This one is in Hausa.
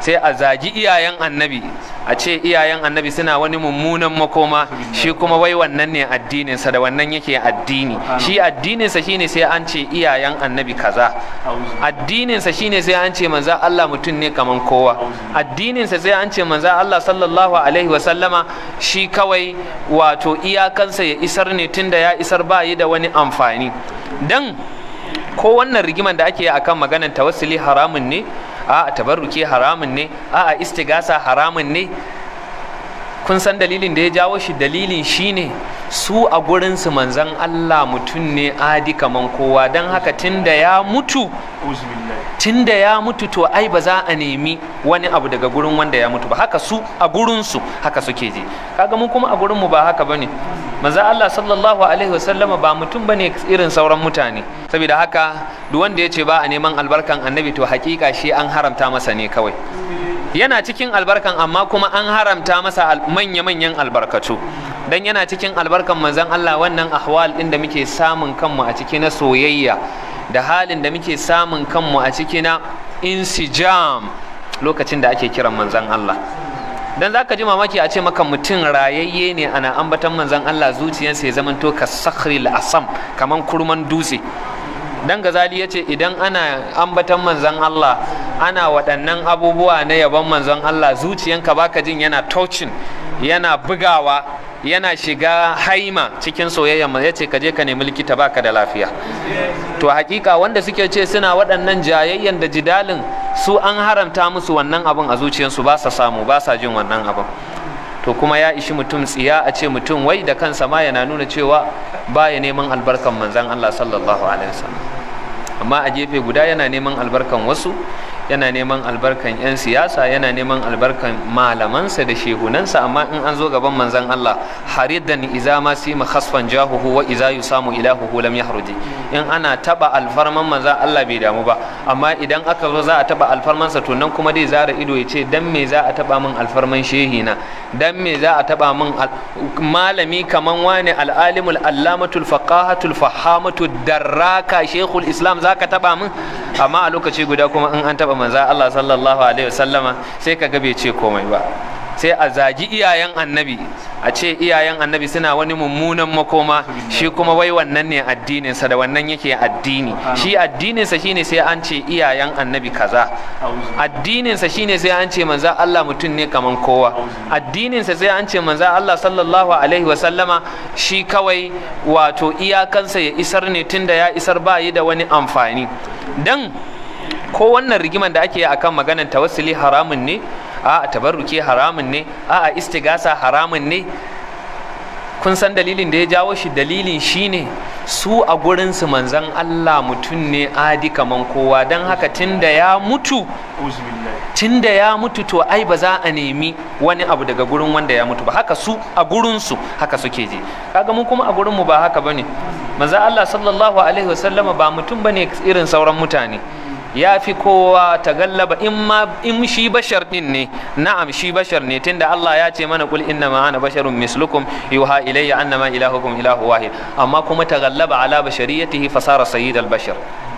sai a zagi iyayen annabi a ce iyayen annabi suna wani mummunan makoma shi kuma wai wannan ne addininsa da wannan yake addini shi addininsa shine sai an ce iyayen annabi kaza addininsa shine sai an ce manzo Allah mutum ne kaman kowa addininsa sai an ce manzo Allah sallallahu alaihi wasallama shi kawai wato iyakansa ya isar ne tunda ya isar ba yi da wani amfani dan ko wannan rigiman da ake yi akan maganar tawassuli haramun ne a tabarruke haramun ne a istigasa haramun ne kun san dalilin da ya jawo shi dalilin shine su a gurinsu manzan Allah mutum ne adi kaman kowa don haka tunda ya mutu tunda ya mutu to ai ba za a nemi wani abu daga gurin wanda ya mutu ba haka su a gurinsu haka suke je kaga mu kuma a gurinmu ba haka bane manzan Allah sallallahu alaihi wasallama ba mutum bane irin sauran mutane saboda haka duk wanda ya ce ba a neman albarkan annabi to hakika shi an haramta masa ne kawai yana cikin albarkan amma kuma an haramta masa manya-manyan albarkatu dan yana cikin albarkan manzon Allah wannan ahwal din da muke samun kanmu a ciki soyayya da halin da muke samun kanmu a ciki na insijam lokacin da ake kiran manzon Allah dan zaka ji mamaki a ce maka mutum rayayye ne ana ambatan manzon Allah zuciyarsa ya zamanto ka sakhril asam kaman kurman dutse dan gazali ya idan ana ambatan manzon Allah ana waɗannan abubuwa na yabon manzon Allah zuciyanka baka jin yana touching yana bugawa yana shiga haima cikin soyayya yace ka je ka nemi likita baka da lafiya to hakika wanda suke ce suna waɗannan jayayyan da jidalin su an haramta musu wannan abin a zuciyarsu ba sa samu ba sa jin wannan abin to kuma ya ishi mutum tsiya a ce mutum wai da kansa ma yana nuna cewa baya neman albarkan manzan Allah sallallahu alaihi wasallam amma a gefe guda yana neman albarkan wasu yana neman albarkan 'yan siyasa yana neman albarkan malamansa da shehunansa amma in an zo gaban manzan Allah haridan iza ma si khasfan jahuhu wa iza yusamu ilahu lam yahruji in ana taba alfarman manzan Allah bai damu ba amma idan aka zo za a taba sa to nan kuma dai zara ido ya ce dan me za a taba min alfarman shehina dan me za a taba min malami kaman wani al'alimul allamatul faqahatul fahamatul darraka shekul islam za ka taba min amma a lokaci guda kuma in an taba manza Allah sallallahu alaihi wasallama sai ka bai ce komai ba sai a zagi iyayen annabi a ce iyayen annabi suna wani mummunan makoma shi kuma wai wannan ne addininsa da wannan yake addini shi addininsa shine sai an ce iyayen annabi kaza addininsa shine sai an ce manza Allah mutum ne kaman kowa addininsa sai an ce manza Allah sallallahu alaihi wa sallama shi kawai wato iyakansa ya isar ne tunda ya isar ba yi da wani amfani dan ko wannan rigiman da ake yi akan maganar tawassuli haramun ne a tabarruki haramun ne a istigasa haramun ne kun san dalilin da ya jawo shi dalilin shine su a gurinsu manzan Allah mutum ne adi kaman kowa don haka tun da ya mutu tunda ya mutu to ai ba za a nemi wani abu daga gurin wanda ya mutu ba haka su a gurin haka suke ji kaga mu kuma a gurin mu ba haka bane manzo Allah sallallahu alaihi wasallama ba mutum bane irin sauran mutane ya fi kowa ta gallaba in ma in shi bashar din ne na'am shi bashar ne tunda Allah ya ce mana kul inna ma ana basharun mislukum yuha ilayya annama ilahukum ilahu wahid amma kuma ta gallaba ala bashariyatihi fasara sayyidal bashar